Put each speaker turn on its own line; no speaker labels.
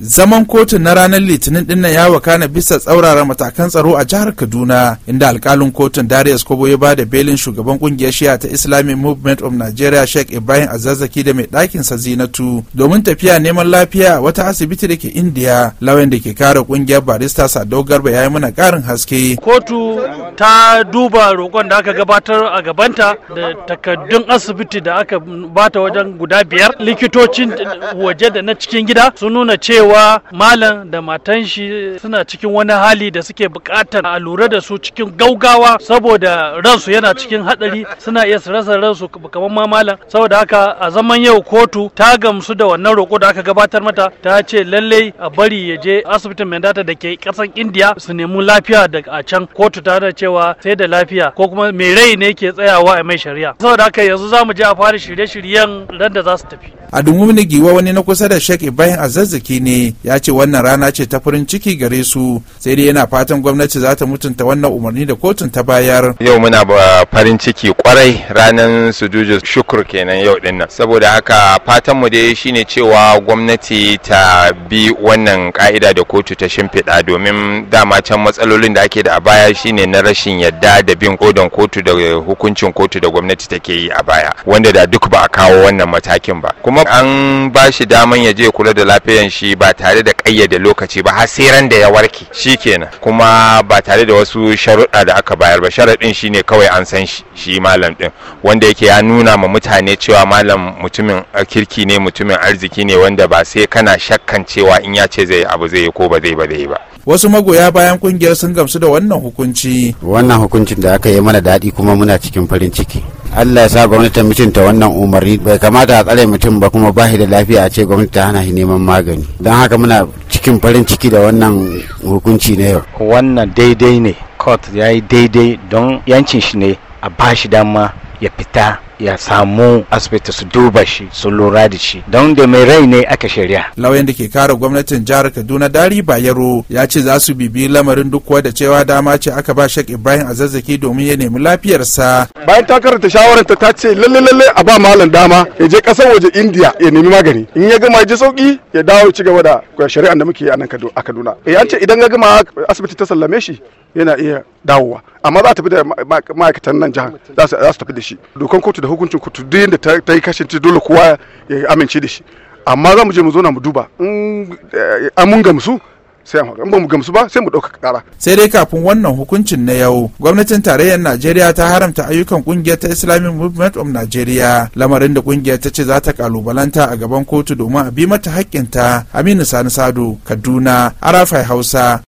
zaman kotun na ranar litinin din ya wakana bisa tsaurara matakan tsaro a jihar kaduna inda alkalin kotun darius kobo ya bada belin shugaban kungiyar shiya ta islamic movement of nigeria sheikh ibrahim azazaki da mai ɗakin sa zinatu domin tafiya neman lafiya wata asibiti da ke indiya lawan da ke kare kungiyar barista sadau garba ya yi mana ƙarin haske
kotu ta duba roƙon da aka gabatar a gabanta da takaddun asibiti da aka bata wajen guda biyar likitocin waje da na cikin gida sun nuna cewa cewa malam da matan shi suna cikin wani hali da suke bukatar a lura da su cikin gaugawa saboda ransu yana cikin haɗari suna iya su rasa ransu kamar ma malam saboda haka a zaman yau kotu ta gamsu da wannan roƙo da aka gabatar mata ta ce lallai a bari ya je asibitin mendata da ke kasan indiya su nemi lafiya da a can kotu ta da cewa sai da lafiya ko kuma mai rai ne ke tsayawa a mai shari'a saboda haka yanzu za mu je a fara shirye-shiryen randa da za su tafi
a giwa wani na kusa da shek ibrahim azazzaki ne ya ce wannan rana ce ta farin ciki gare su sai dai yana fatan gwamnati za ta mutunta wannan umarni da kotun ta bayar
yau muna ba farin ciki kwarai ranar sujuju shukur kenan yau dinnan saboda haka fatan mu dai shine cewa gwamnati ta bi wannan ka'ida da kotu ta shimfiɗa domin dama can matsalolin da ake da a baya shine na rashin yadda da bin kodon kotu da hukuncin kotu da gwamnati take yi a baya wanda da duk ba a kawo wannan matakin ba kuma an ba shi daman ya je kula da lafiyan shi ba tare da ƙayyade lokaci ba har sai ran da ya warke shikenan kuma ba tare da wasu sharuɗa da aka bayar ba sharaɗin shine kawai an san shi malam din wanda yake ya nuna ma mutane cewa malam mutumin kirki ne mutumin arziki ne wanda ba sai kana shakkan cewa in ya ce zai abu zai yi ko ba zai ba zai ba
wasu magoya bayan kungiyar sun gamsu da wannan hukunci
wannan hukuncin da aka yi mana daɗi kuma muna cikin farin ciki Allah ya sa gwamnatin mutunta wannan umarni bai kamata a tsare mutum ba kuma bashi da lafiya a ce gwamnati ta hana shi neman magani don haka muna cikin farin ciki da wannan hukunci na yau wannan daidai ne court ya yi daidai don yancin shi ne a bashi dama ya fita ya samu asibiti su duba shi su lura da shi don da mai rai ne aka shirya lauyan da ke kare gwamnatin
jihar kaduna dari bayero ya ce za su bibi lamarin duk da cewa dama ce aka ba shek
ibrahim azazzaki domin ya nemi lafiyarsa bayan ta karanta shawarar ta ce lalle lalle a ba malam dama ya je kasar waje Indiya ya nemi magani in ya gama ji sauki ya dawo ci gaba da shari'a da muke yi a nan kaduna eh, an ce idan ya gama asibiti ta sallame shi yana iya dawowa amma za ta fi da ma'aikatan nan jihar za su tafi da shi dokan kotu da hukuncin kotu duk yadda ta yi kashin dole kowa ya amince da shi amma za mu je mu zo mu duba in eh, mun gamsu sai ba mu gamsu ba sai mu ɗauka kara
sai dai kafin wannan hukuncin na yau gwamnatin tarayyar najeriya ta haramta ayyukan ƙungiyar ta islamic movement of nigeria lamarin da ƙungiyar ta ce za ta kalubalanta a gaban kotu domin a bi mata haƙƙinta aminu sani sado kaduna arafai hausa